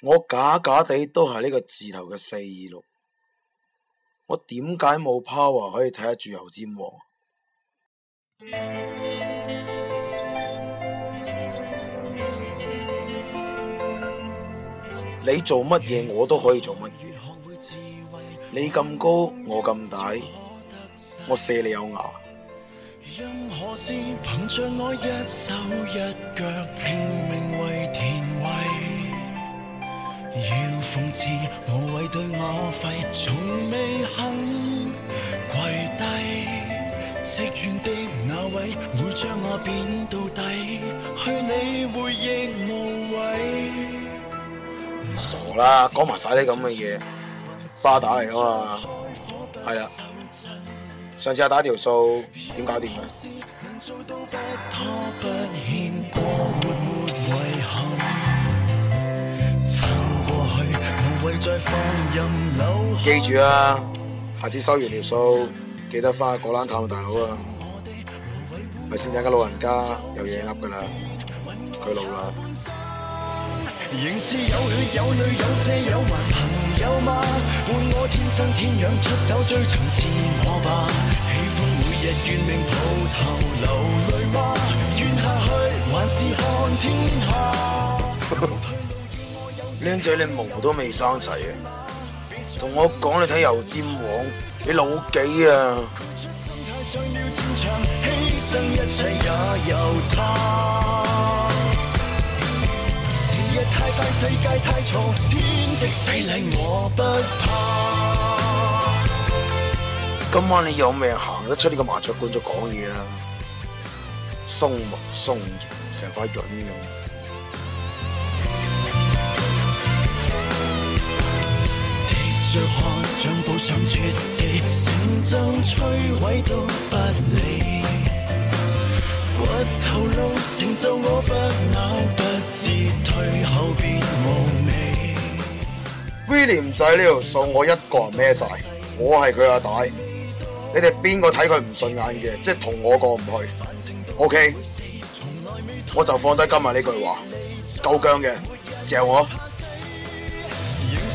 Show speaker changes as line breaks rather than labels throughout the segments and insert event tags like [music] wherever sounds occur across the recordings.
我假假地都係呢個字頭嘅四二六，我點解冇 power 可以睇下住油尖旺？你做乜嘢，我都可以做乜嘢，你咁高我咁大，我射你有牙。
任何事憑著我一手一腳拼命。傻啦，講埋晒啲咁嘅嘢，巴打嚟
啊嘛，係啊，上次打條數點搞掂啊？
記住啊，下
次收完條數，記得翻去果欄探下大佬啊，咪先有間老人家有嘢噏噶啦，佢老啦。
靚仔， [music]
你毛都未生齊啊！同我講你睇《油尖旺》，你
老幾啊？
今晚你有命行得出呢個麻雀館就講嘢啦，鬆毛鬆翼成塊軟軟。
威
廉仔呢條數 [music] 我一個人孭晒。我係佢阿大。你哋邊個睇佢唔順眼嘅，即係同我過唔去。OK，我就放低今日呢句話，夠薑嘅，嚼我。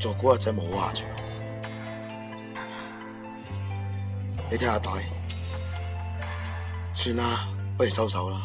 做嗰個仔冇下場，你睇下阿大，算啦，不如收手啦。